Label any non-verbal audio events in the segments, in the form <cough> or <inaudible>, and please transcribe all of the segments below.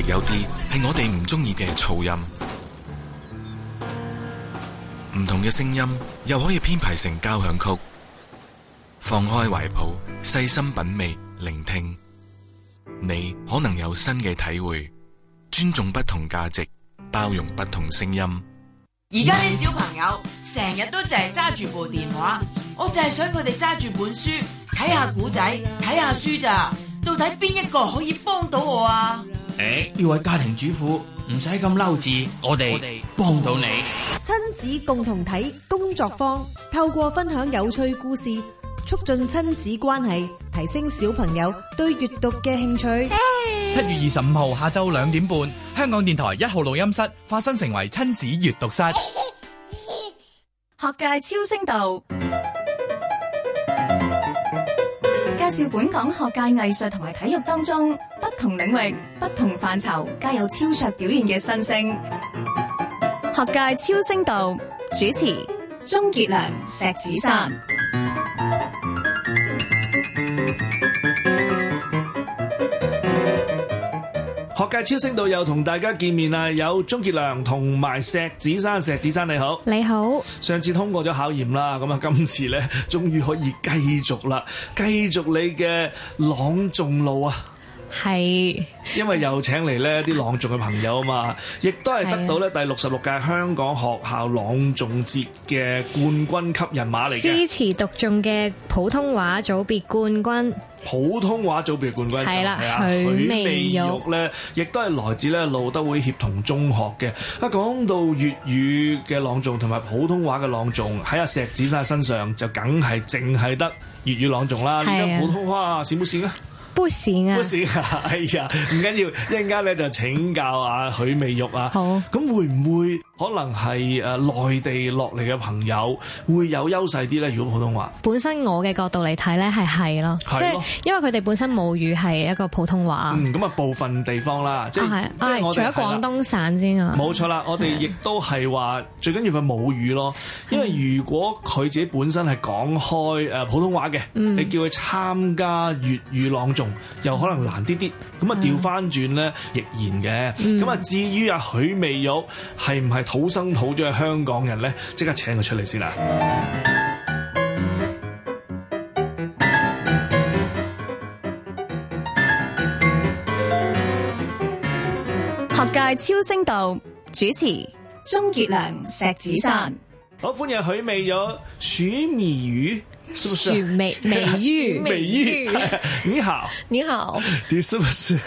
亦有啲係我哋唔中意嘅噪音，唔同嘅聲音又可以編排成交響曲。放開懷抱，細心品味聆聽，你可能有新嘅體會。尊重不同價值，包容不同聲音。而家啲小朋友成日都淨係揸住部電話，我淨係想佢哋揸住本書睇下古仔，睇下書咋。到底邊一個可以幫到我啊？誒，要為、哎、家庭主婦唔使咁嬲字，我哋幫到你。親子共同體工作坊，透過分享有趣故事，促進親子關係，提升小朋友對閱讀嘅興趣。七 Hey. 月二十五號下晝兩點半，香港電台一號錄音室化身成為親子閱讀室。 <laughs> 學界超聲道。介紹本港學界、藝術同埋體育當中不同領域、不同範疇皆有超卓表現嘅新星。學界超星度主持：鍾傑良、石芷珊。學界超聲道又同大家見面啦，有鍾傑良同埋石芷珊，石芷珊你好，你好，你好，上次通過咗考驗啦，咁啊今次呢，終於可以繼續啦，繼續你嘅朗誦路啊！係，是因為又請嚟呢啲朗誦嘅朋友啊嘛，亦都係得到咧第六十六屆香港學校朗誦節嘅冠軍級人馬嚟嘅。詩詞獨誦嘅普通話組別冠軍，普通話組別冠軍係啦，啊，許美玉咧，亦都係來自咧路德會協同中學嘅。啊，講到粵語嘅朗誦同埋普通話嘅朗誦，喺阿石芷珊身上就梗係淨係得粵語朗誦啦，呢個、啊、普通話閃唔閃啊，閃不閃？唔好笑啊！唔好笑啊！哎呀，唔緊要，一陣間咧就請教阿許美玉啊。好，咁會唔會可能係誒內地落嚟嘅朋友會有優勢啲咧？如果普通話本身我嘅角度嚟睇咧，係係咯，即係因為佢哋本身母語係一個普通話嗯，咁啊部分地方啦，即係即係我除咗廣東省之外，冇錯啦。我哋亦都係話最緊要佢母語咯，因為如果佢自己本身係講開誒普通話嘅，你叫佢參加粵語朗誦。又可能難啲啲，咁啊調翻轉咧，亦然嘅。咁啊、嗯，至於啊，許美玉係唔係土生土長嘅香港人咧？即刻請佢出嚟先啦。學界超聲道主持鍾傑良、石芷珊，好歡迎許美玉。許美美玉，美玉，你好，你好，你是不是？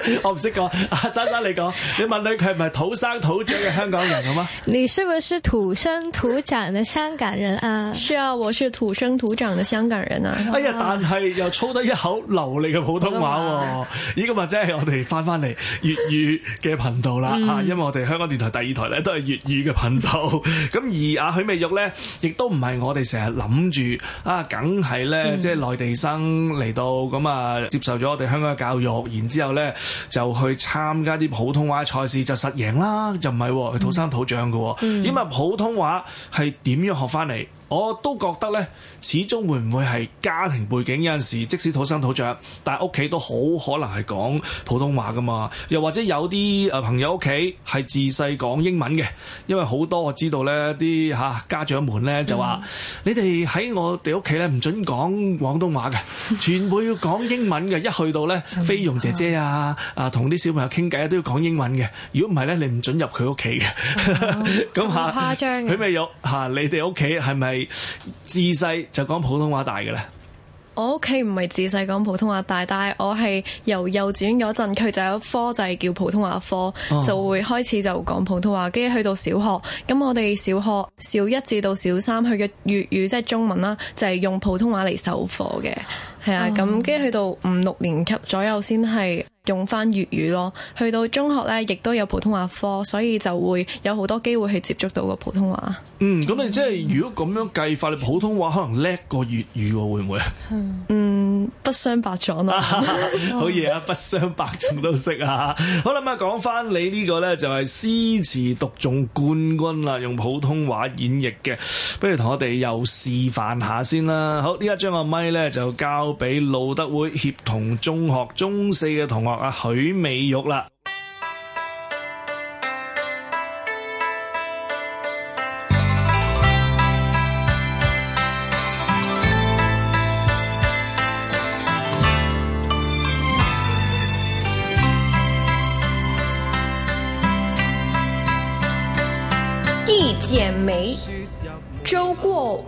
<laughs> 我唔識講，阿珊珊你講，你問佢佢係唔係土生土長嘅香港人咁啊，好嗎？你是不是土生土長嘅香港人啊？是啊，我是土生土長嘅香港人啊！哎呀，但係又操得一口流利嘅普通話，依個咪即係我哋翻翻嚟粵語嘅頻道啦啊！啊哎、 <laughs> 因為我哋香港電台第二台咧都係粵語嘅頻道，咁、嗯、而阿許美玉咧亦都唔係我哋成日諗住啊，梗係咧即係內地生嚟到咁啊，嗯嗯、接受咗我哋香港嘅教育，然後之後咧。就去參加啲普通話賽事就實贏啦，就唔係喎，佢土生土長㗎，咁啊、嗯、普通話係點樣學翻嚟？我都覺得咧，始終會唔會係家庭背景有陣時，即使土生土長，但係屋企都好可能係講普通話噶嘛。又或者有啲誒朋友屋企係自細講英文嘅，因為好多我知道呢啲嚇家長們呢就話、嗯：你哋喺我哋屋企呢唔准講廣東話嘅，全部要講英文嘅。 <laughs> 一去到呢，菲傭 <laughs> 姐姐啊啊，同啲小朋友傾偈都要講英文嘅。如果唔係呢，你唔准入佢屋企嘅。咁、哦、 <laughs> 那誇張，佢咪有嚇你哋屋企係咪？自細就講普通話大嘅咧，我屋企唔係自細講普通話大，但係我係由幼稚園嗰陣，佢就有科就係叫普通話科，oh. 就會開始就講普通話。跟住去到小學，咁我哋小學小一至到小三，佢嘅粵語即係、就是、中文啦，就係、是、用普通話嚟授課嘅。係啊，咁跟住去到五六年級左右先係用翻粵語咯。去到中學咧，亦都有普通話科，所以就會有好多機會去接觸到個普通話。嗯，咁、嗯、你即係、嗯、如果咁樣計法，你、嗯、普通話可能叻過粵語，會唔會啊？嗯。不相伯仲咯，好嘢啊！不相伯仲都識啊！ <laughs> 好啦，咁啊，講翻你呢個咧，就係詩詞獨誦冠軍啦，用普通話演繹嘅，不如同我哋又示範下先啦。好，呢一將個咪咧就交俾路德會協同中學中四嘅同學啊，許美玉啦。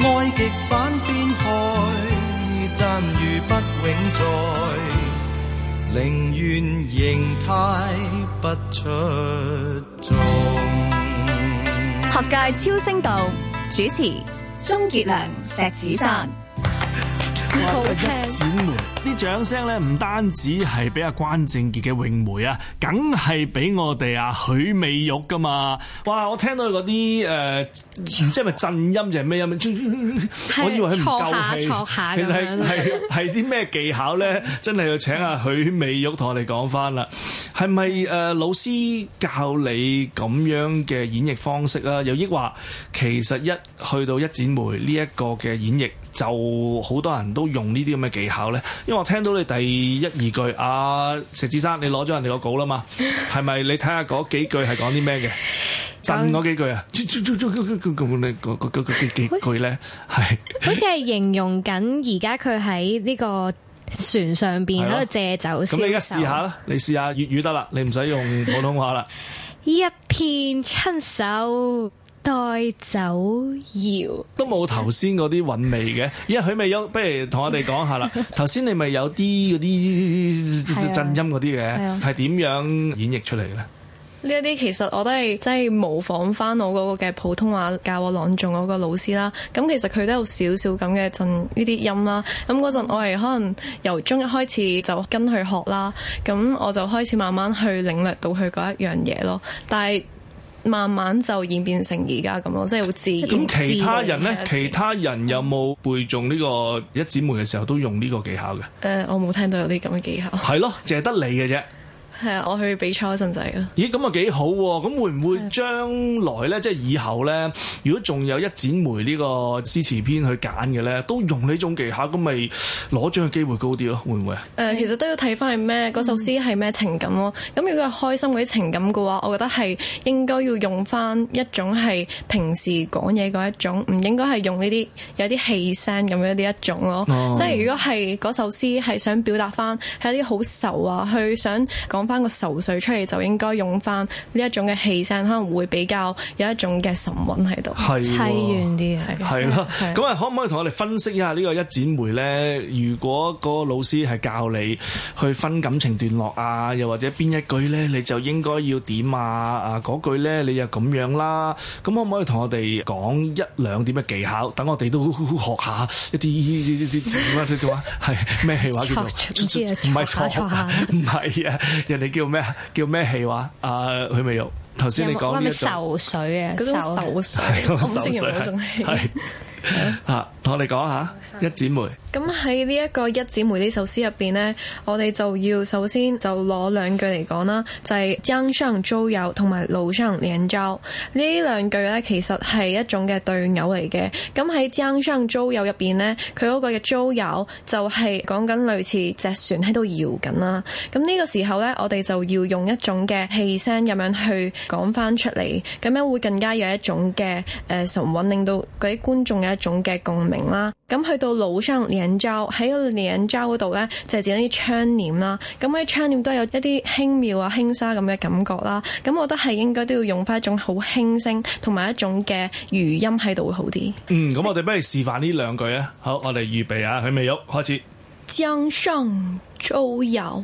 愛極反變害，讚譽不永在，寧願形態不出眾。學界超聲道，主持鍾傑良、石芷珊。哇一剪梅，啲掌聲咧唔單止係俾阿關正傑嘅詠梅啊，梗係俾我哋啊許美玉噶嘛！哇，我聽到嗰啲誒，即係咪震音就係咩音？是 <laughs> 我以為佢唔夠氣，下下下其實係係啲咩技巧咧？真係要請阿許美玉同我哋講翻啦。係咪誒老師教你咁樣嘅演繹方式啊？又抑話其實一去到一剪梅呢一個嘅演繹？就好多人都用呢啲咁嘅技巧咧，因為我聽到你第一二句，阿、啊、石芷珊你攞咗人哋個稿啦嘛，係咪 <laughs> 你睇下嗰幾句係講啲咩嘅？震嗰就幾句啊，嗰嗰幾、幾句咧係 <laughs> 好似係形容緊而家佢喺呢個船上邊喺度借酒消愁咁、 <laughs> 哦、你而家試下啦，你試下粵語得啦，你唔使用，用普通話啦。 <laughs> 一片春愁。帶走搖都冇頭先嗰啲韻味嘅，依家佢咪有，不如同我哋講下啦。頭先 <laughs> 你咪有啲嗰啲震音嗰啲嘅，係點、啊、樣演繹出嚟嘅？呢一啲其實我都係即係模仿翻我嗰個嘅普通話教我朗誦嗰個老師啦。咁其實佢都有少少咁嘅震呢啲音啦。咁嗰陣我係可能由中一開始就跟佢學啦，咁我就開始慢慢去領略到佢嗰一樣嘢咯。但係。慢慢就演變成而家咁咯，即係會自然咁，其他人咧，其他人有冇背誦呢個一剪梅嘅時候都用呢個技巧嘅？誒、呃，我冇聽到有啲咁嘅技巧。係咯， <laughs> 淨係得你嘅啫。係啊，我去比賽一陣仔啊。咦，咁啊幾好喎！咁會唔會將來咧，的即係以後咧，如果仲有一剪梅呢個詩詞篇去揀嘅咧，都用呢種技巧，咁咪攞獎嘅機會高啲咯，啊？會唔會啊？誒、嗯呃，其實都要睇翻係咩嗰首詩係咩情感咯，啊。咁、嗯、如果係開心嗰啲情感嘅話，我覺得係應該要用翻一種係平時講嘢嗰一種，唔應該係用呢啲有啲氣聲咁樣啲一種咯，啊。嗯、即係如果係嗰首詩係想表達翻係一啲好愁啊，去想講。翻個愁緒出嚟就應該用翻呢一種嘅氣聲，可能會比較有一種嘅神韻喺度，悽怨啲嘅。係啦，咁啊，可唔可以同我哋分析一下呢個一剪梅咧？如果個老師係教你去分感情段落啊，又或者邊一句咧，你就應該要點啊？啊嗰句咧，你又咁樣啦。咁可唔可以同我哋講一兩點嘅技巧，等我哋都學下一啲啲啲咩戲話？唔係錯，唔係啊！你叫咩？叫咩戲話？呃、啊，許美玉。頭先你講咩？咩受水嘅嗰種受水，係嗰、嗯、對種戲。係啊是，同 <laughs> 我哋講下 <laughs> 一剪梅。咁喺呢一個一剪梅首呢首詩入邊咧，我哋就要首先就攞兩句嚟講啦，就係江上舟搖同埋樓上簾招呢兩句咧，其實係一種嘅對偶嚟嘅。咁喺江上舟搖」入邊咧，佢嗰個嘅舟搖」舟搖就係講緊類似隻船喺度搖緊啦。咁呢個時候咧，我哋就要用一種嘅氣聲咁樣去講返出嚟，咁樣會更加有一種嘅誒、呃、神韻，令到嗰啲觀眾有一種嘅共鳴啦。咁去到樓上簾招，喺個簾招嗰度咧就係剪啲窗簾啦。咁啲窗簾都係有一啲輕妙啊、輕紗咁嘅感覺啦。咁我覺得係應該都要用翻一種好輕聲同埋一種嘅餘音喺度會好啲。嗯，咁我哋不如示範呢兩句啊。好，我哋預備啊，許美玉開始。江上舟搖，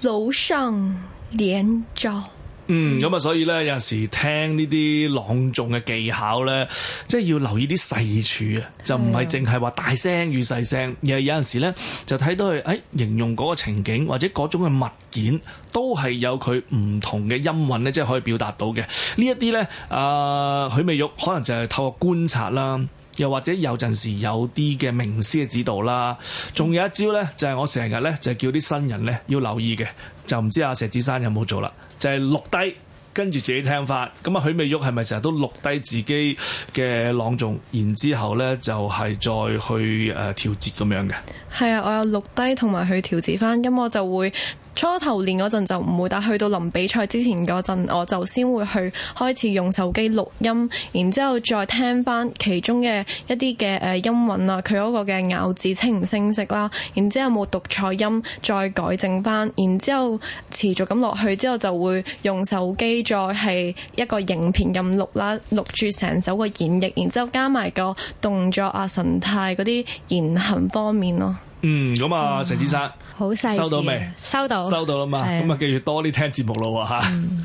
樓上簾招。嗯，咁啊，所以咧，有陣時聽呢啲朗誦嘅技巧咧，即係要留意啲細處啊，就唔係淨係話大聲與細聲，又係、嗯、有陣時咧就睇到佢誒形容嗰個情景或者嗰種嘅物件都係有佢唔同嘅音韻咧，即、就、係、是、可以表達到嘅呢一啲咧。啊、呃，許美玉可能就係透過觀察啦，又或者有陣時有啲嘅名師嘅指導啦。仲有一招咧，就係、是、我成日咧就叫啲新人咧要留意嘅，就唔知阿、啊、石芷珊有冇做啦。就係錄低，跟住自己聽法。咁啊，許美玉係咪成日都錄低自己嘅朗誦，然之後呢，就係、是、再去誒、呃、調節咁樣嘅？係啊，我有錄低同埋去調節翻，咁我就會初頭練嗰陣就唔會，但去到臨比賽之前嗰陣，我就先會去開始用手機錄音，然之後再聽翻其中嘅一啲嘅誒音韻啦，佢嗰個嘅咬字清唔清晰啦，然之後冇讀錯音，再改正翻，然之後持續咁落去，之後就會用手機再係一個影片咁錄啦，錄住成首個演繹，然之後加埋個動作啊、神態嗰啲言行方面咯。嗯，咁啊，陳先生好細收到未？收到，收到啦嘛，咁啊、嗯，記住多啲聽節目咯吓。嗯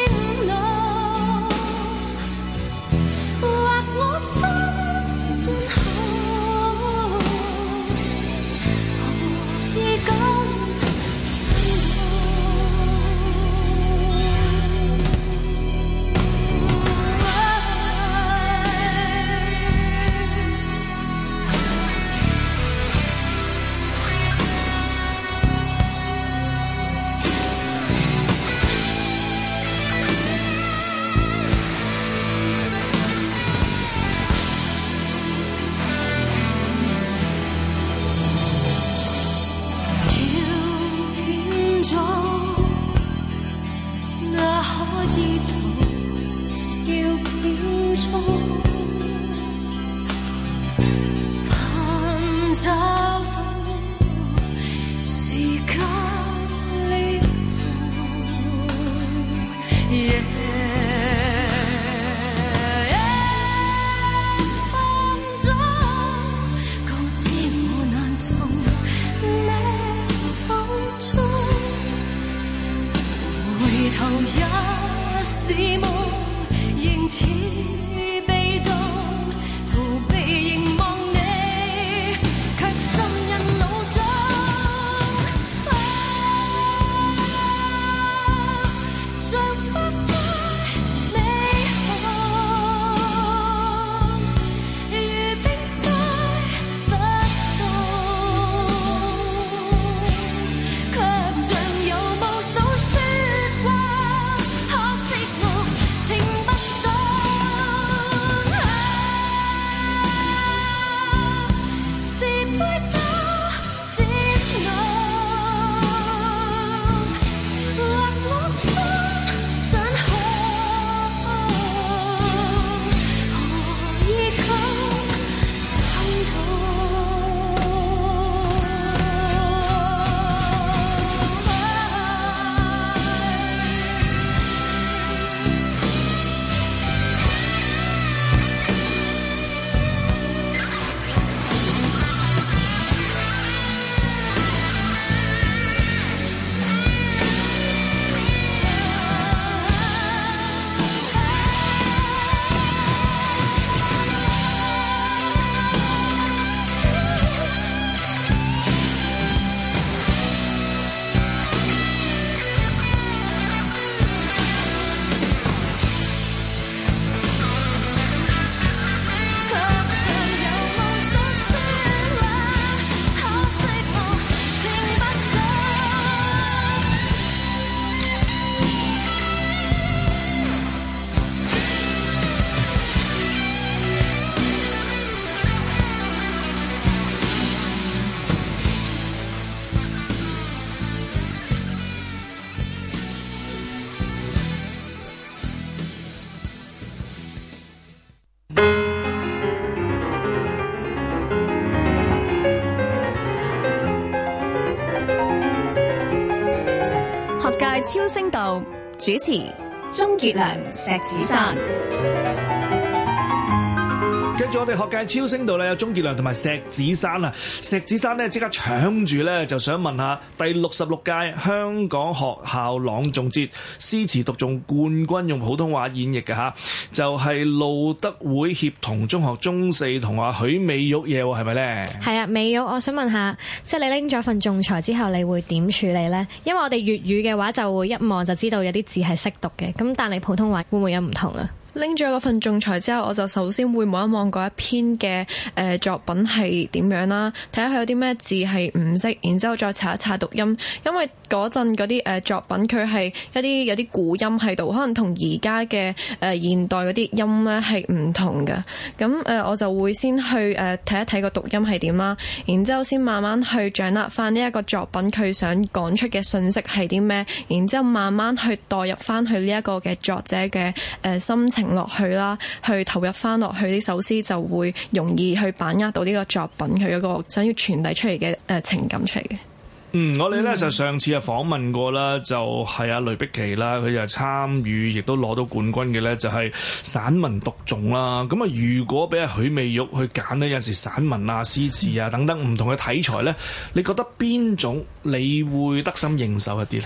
情。主持：鍾傑良、石芷珊。我哋學界超聲道咧，有鍾傑良同埋石芷珊啊！石芷珊咧，即刻搶住咧，就想問下第六十六屆香港學校朗誦節詩詞獨誦冠軍用普通話演繹嘅吓，就係、是、路德會協同中學中四同阿許美玉嘢，係咪呢？係啊，美玉，我想問下，即係你拎咗份仲裁之後，你會點處理呢？因為我哋粵語嘅話，就會一望就知道有啲字係識讀嘅，咁但係普通話會唔會有唔同啊？拎咗份仲裁之後，我就首先會望一望嗰一篇嘅誒作品係點樣啦，睇下佢有啲咩字係唔識，然之後再查一查讀音。因為嗰陣嗰啲誒作品佢係一啲有啲古音喺度，可能同而家嘅誒現代嗰啲音咧係唔同嘅。咁誒、呃、我就會先去誒睇一睇個讀音係點啦，然之後先慢慢去掌握翻呢一個作品佢想講出嘅信息係啲咩，然之後慢慢去代入翻去呢一個嘅作者嘅誒、呃、心情。落去啦，去投入翻落去啲首詩，就會容易去把握到呢個作品佢嗰個想要傳遞出嚟嘅誒情感出嚟嘅。嗯，我哋咧就上次啊訪問過、就是、啦，就係阿雷碧琪啦，佢就參與亦都攞到冠軍嘅咧，就係散文獨誦啦。咁啊，如果俾阿許美玉去揀咧，有陣時散文啊、詩詞啊等等唔同嘅題材咧，你覺得邊種你會得心應手一啲咧？誒、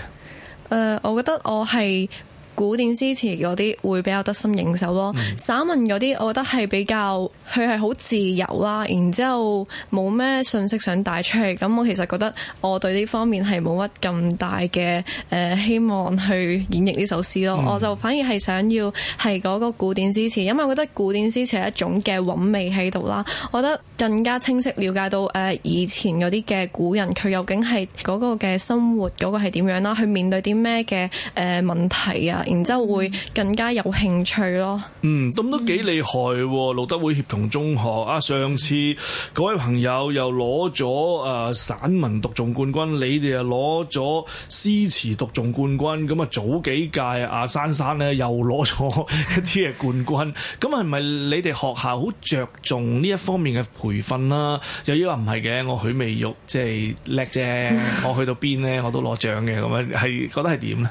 呃，我覺得我係。古典詩詞嗰啲會比較得心應手咯，散文、嗯、嗰啲我覺得係比較佢係好自由啦，然之後冇咩信息想帶出去，咁我其實覺得我對呢方面係冇乜咁大嘅誒、呃、希望去演繹呢首詩咯，嗯、我就反而係想要係嗰個古典詩詞，因為我覺得古典詩詞係一種嘅韻味喺度啦，我覺得更加清晰了解到誒、呃、以前嗰啲嘅古人佢究竟係嗰個嘅生活嗰個係點樣啦，去面對啲咩嘅誒問題啊？然之後會更加有興趣咯。嗯，咁都幾厲害喎，路德會協同中學啊！上次嗰、嗯、位朋友又攞咗誒散文獨誦冠軍，你哋又攞咗詩詞獨誦冠軍。咁啊，早幾屆阿珊珊咧又攞咗一啲嘅冠軍。咁係咪你哋學校好着重呢一方面嘅培訓啦？又要話唔係嘅，我許美玉即係叻啫，我去到邊咧我都攞獎嘅。咁樣係覺得係點咧？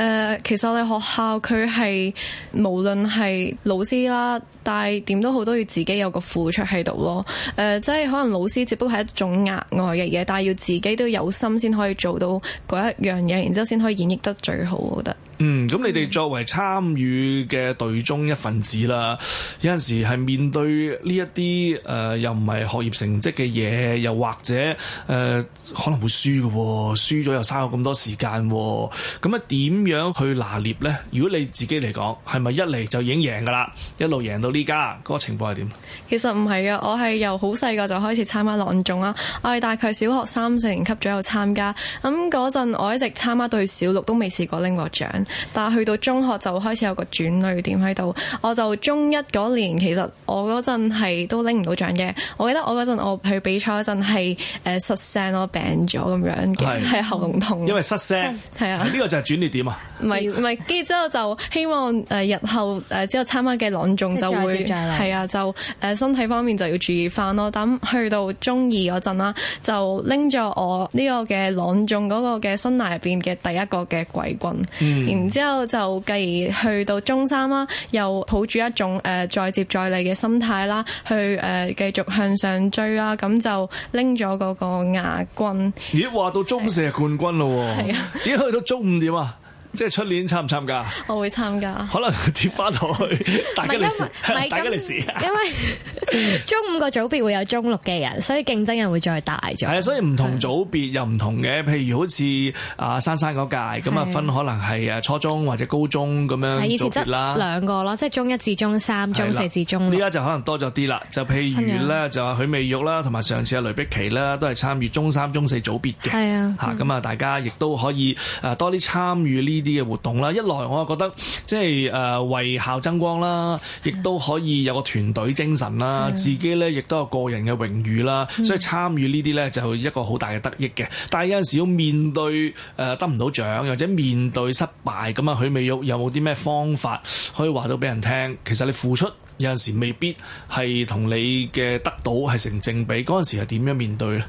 誒、呃，其實我哋學校佢係無論係老師啦。但係點都好都要自己有個付出喺度咯，誒、呃，即係可能老師只不過係一種額外嘅嘢，但係要自己都有心先可以做到一樣嘢，然之後先可以演繹得最好，我覺得。嗯，咁你哋作為參與嘅隊中一份子啦，有陣時係面對呢一啲誒，又唔係學業成績嘅嘢，又或者誒、呃，可能會輸嘅、哦，輸咗又嘥咗咁多時間、哦，咁啊，點樣去拿捏咧？如果你自己嚟講，係咪一嚟就已經贏噶啦？一路贏到呢？而家嗰個情況係點？其實唔係嘅，我係由好細個就開始參加朗誦啦。我係大概小學三四年級左右參加。咁嗰陣我一直參加到小六都未試過拎過獎。但係去到中學就開始有個轉捩點喺度。我就中一嗰年其實我嗰陣係都拎唔到獎嘅。我記得我嗰陣我去比賽嗰陣係誒失聲咯，病咗咁樣，係是喉嚨痛。因為失聲係是啊，呢個就係轉捩點啊。唔係唔係，跟住之後就希望誒日後誒之後參加嘅朗誦就。會係啊，就誒、呃、身體方面就要注意翻咯。咁去到中二嗰陣啦，就拎咗我呢個嘅朗誦嗰個嘅生涯入邊嘅第一個嘅季軍。嗯，然之後就繼而去到中三啦，又抱住一種誒、呃、再接再厲嘅心態啦，去誒繼、呃、續向上追啦。咁、啊、就拎咗嗰個亞軍。咦，話到中四冠軍咯係、呃、啊。咦，去到中五點啊？即係出年參唔參加？我會參加。可能接翻落去。大吉利是，大吉利是因為， <laughs> 因為中五個組別會有中六嘅人，所以競爭又會再大咗。係啊，所以唔同組別是又唔同嘅。譬如好似阿珊珊嗰屆，咁啊是分可能係誒初中或者高中咁樣組別啦。係以前兩個咯，即係中一至中三、中四至中。呢家就可能多咗啲啦。就譬如咧，啊、就話許美玉啦，同埋上次阿雷碧琪啦，都係參與中三、中四組別嘅。係啊，吓咁啊，大家亦都可以誒多啲參與呢。啲嘅活動啦，一來我就覺得即係誒、呃、為校爭光啦，亦都可以有個團隊精神啦，的自己呢亦都有個人嘅榮譽啦，所以參與呢啲呢，就一個好大嘅得益嘅。但係有陣時要面對誒、呃、得唔到獎，或者面對失敗咁。啊，許美玉有冇啲咩方法可以話到俾人聽？其實你付出有陣時未必係同你嘅得到係成正比，嗰陣時係點樣面對咧？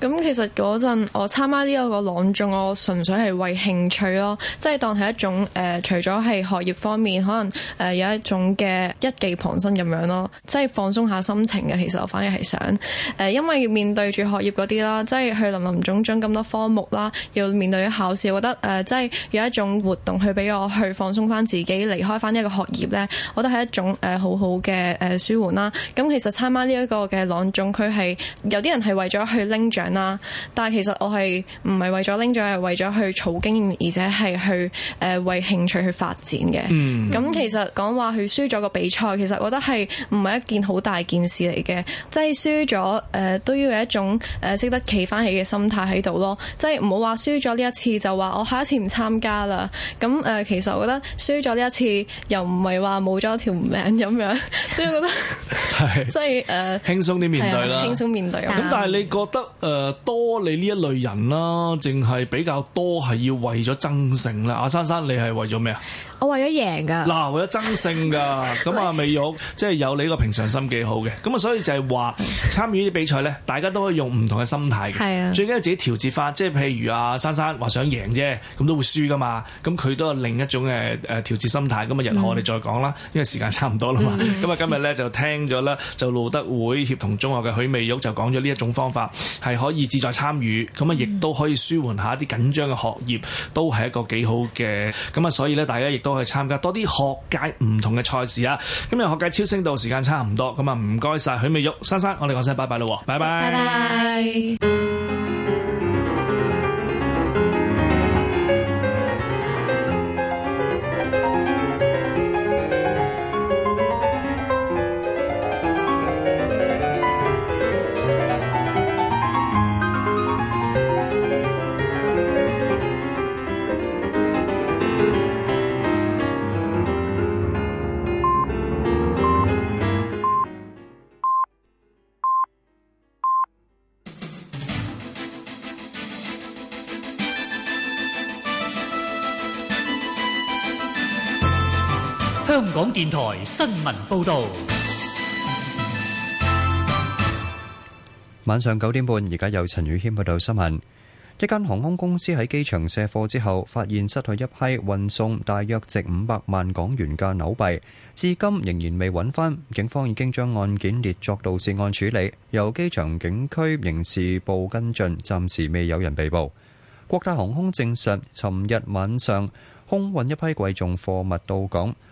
咁其實嗰陣我參加呢一個朗誦，我純粹係為興趣咯，即係當係一種誒、呃、除咗係學業方面，可能誒有一種嘅一技傍身咁樣咯，即係放鬆下心情嘅。其實我反而係想誒、呃、因為要面對住學業啲啦，即係去林林總總咁多科目啦，要面對考試，我覺得誒、呃、即係有一種活動去俾我去放鬆翻自己，離開翻呢一個學業咧，我覺得係一種誒、呃、好好嘅誒、呃、舒緩啦。咁、啊、其實參加呢一個嘅朗誦佢係有啲人係為咗去拎獎啦，但係其實我係唔係為咗拎獎，係為咗去儲經驗，而且係去誒、呃、為興趣去發展嘅。咁、嗯、其實講話佢輸咗個比賽，其實我覺得係唔係一件好大件事嚟嘅。即係輸咗誒，都要有一種誒識、呃、得企翻起嘅心態喺度咯。即係唔好話輸咗呢一次就話我下一次唔參加啦。咁誒、呃，其實我覺得輸咗呢一次又唔係話冇咗條命咁樣， <laughs> 所以我覺得即係誒輕鬆啲面對啦，輕鬆面對。咁但係你覺得誒？呃多你呢一類人啦，淨係比較多係要為咗增城啦。阿珊珊，你係為咗咩啊？我為咗贏㗎，嗱、啊，為咗爭勝㗎，咁啊，美玉即係、就是、有你個平常心幾好嘅，咁啊，所以就係話參與呢啲比賽咧，大家都可以用唔同嘅心態，係 <laughs> 啊，最緊要自己調節法，即係譬如啊，珊珊話想贏啫，咁都會輸㗎嘛，咁佢都係另一種嘅誒調節心態，咁啊，日後我哋再講啦，因為時間差唔多啦嘛，咁啊、嗯，今日咧就聽咗咧，就路德會協同中學嘅許美玉就講咗呢一種方法係可以志在參與，咁啊，亦都可以舒緩一下一啲緊張嘅學業，都係一個幾好嘅，咁啊，所以咧，大家亦多去參加多啲學界唔同嘅賽事啊！今日學界超聲道時間差唔多，咁啊唔該晒。許美玉、珊珊，我哋講聲拜拜咯，拜拜。拜拜拜拜。電台新聞報道，晚上九點半，而家有陳宇謙去到新聞。一間航空公司喺機場卸貨之後，發現失去一批運送大約值五百萬港元嘅紐幣，至今仍然未揾翻。警方已經將案件列作盜竊案處理，由機場警區刑事部跟進，暫時未有人被捕。國泰航空證實，尋日晚上空運一批貴重貨物到港。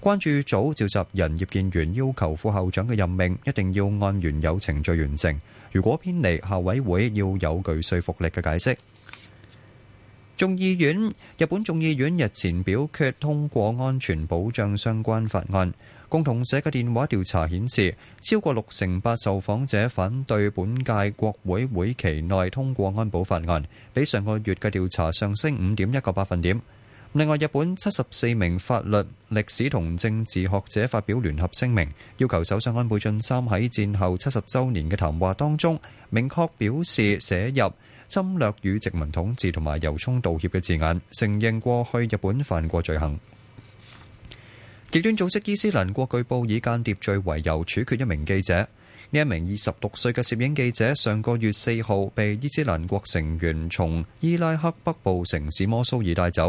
關注組召集人葉建源要求副校長嘅任命一定要按原有程序完成，如果偏離校委會要有具說服力嘅解釋。眾議院日本眾議院日前表決通過安全保障相關法案。共同社嘅電話調查顯示，超過六成八受訪者反對本屆國會會期內通過安保法案，比上個月嘅調查上升五點一個百分點。另外，日本七十四名法律、歷史同政治學者發表聯合聲明，要求首相安倍晉三喺戰後七十周年嘅談話當中，明確表示寫入侵略與殖民統治同埋由衷道歉嘅字眼，承認過去日本犯過罪行。極端組織伊斯蘭國據報以間諜罪為由處決一名記者。呢一名二十六歲嘅攝影記者上個月四號被伊斯蘭國成員從伊拉克北部城市摩蘇爾帶走。